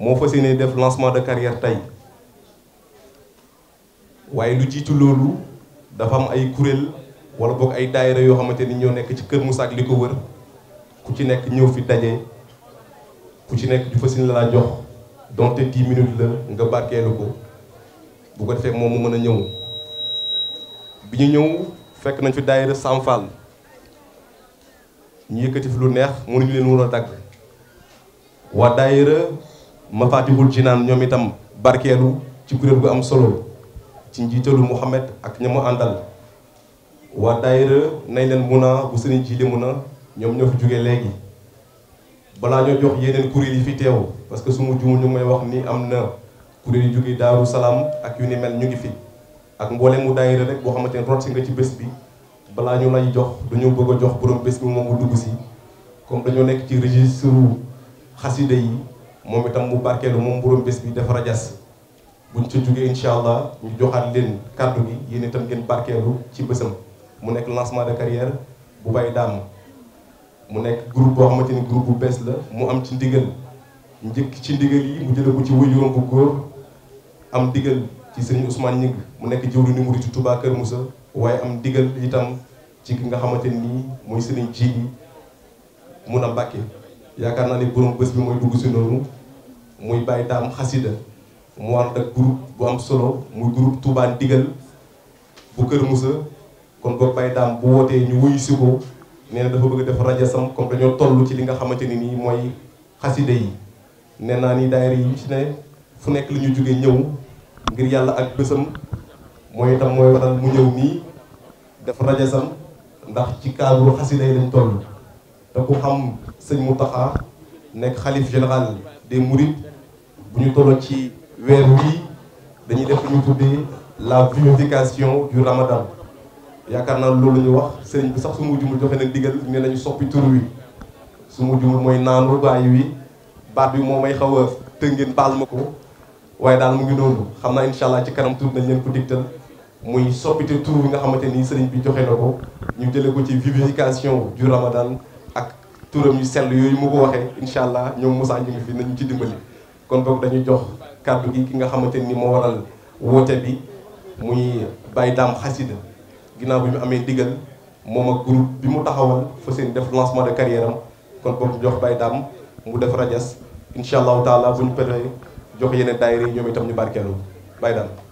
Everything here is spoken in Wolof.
moo fas yéene def lancement de carrière tey waaye lu jiitu loolu dafa am ay kuréel wala boog ay daayira yoo xamante ni ñoo nekk ci Kër Moussa ak li ko wër ku ci nekk ñëw fi daje ku ci nekk du fas yéene laa jox donte dix minutes la nga barkeelu ko bu ko defee moom mu mën a ñëw bi ñu ñëw fekk nañ fi daayira Sam ñu yëkkati fi lu neex mu mënuñu leen war a tàgg waa daayira Mafatihul Jinaan ñoom itam barkeelu ci kuréel gu am solo ci njiitalu Mouhamed ak ña mu àndal waa daayira nañ leen mun a bu sëriñ ji li mun a ñoom ñoo fi jóge léegi balaa ñoo jox yeneen kuréel yi fi teew parce que su ma juumul ñu may wax ni am na kuréel yu jóge Daaru Salaam ak yu ni mel ñu ngi fi ak mboolem mu daayira rek boo xamante ne rot si nga ci bés bi balaa ñu lay jox dañoo bëgg a jox borom bés bi moom mu dugg si comme dañoo nekk ci registre xaside yi moom itam mu barkeelu moom borom bés bi dafa rajas buñ ca jógee incha allah ñu joxaat leen kàddu gi yéen itam ngeen barkeelu ci bésam mu nekk lancement de carrière bu bay daam mu nekk groupe boo xamante ni groupe bu bees la mu am ci ndigal njëkk ci ndigal yi mu jëlee ko ci wëyuram bu góor am ndigal ci sëriñ Ousmane Ñing mu nekk jëwriñu mu ci tubaa Kër Moussa waaye am digal itam ci ki nga xamante nii mooy sëriñ Jiili mun a Mbàkke yaakaar naa ne borom bés bi mooy dugg si noonu muy bàyyi daam xasida mu ànd ak groupe bu am solo muy groupe Touba Ndigal bu Kër Moussa kon boog bàyyi daam bu wootee ñu wuyu si ko nee na dafa bëgg def rajo sam comme dañoo toll ci li nga xamante ni nii mooy xasida yi nee naa ni daayira yi ci ne fu nekk li ñu jógee ñëw ngir yàlla ak bésam mooy itam mooy waral mu ñëw nii def rajasam ndax ci cadre xasida yi lañ toll te ku xam sëñ Mountakha nekk xalif général des mourides bu ñu toll ci weer wii dañuy def ñu tuddee la purification du ramadan yaakaar naa loolu ñu wax sëriñ bi sax su mu jumul joxe na digal ne nañu soppi tur wi su mu jumul mooy naanul bàyyi wi baat bi moo may xaw a tëngeen baal ma ko waaye daal mu ngi noonu xam naa incha allah ci kanam tur nañ leen ko digtal muy soppite tur bi nga xamante ni sëriñ bi joxe na ko ñu jële ko ci vivification du ramadan ak turam yi sell yooyu mu ko waxee incha allah ñoom Moussa ñu ngi fi nañu ci dimbali kon boog dañuy jox kàddu gi ki nga xamante ni moo waral woote bi muy Baye Dame Xasida ginnaaw bi ñu amee ndigal moom ak groupe bi mu taxawal fa seen def lancement de carrière am kon boog jox Baye Dame mu def rajas incha allahu taala bu ñu paree jox yeneen daayira yi ñoom itam ñu barkeelu bay daal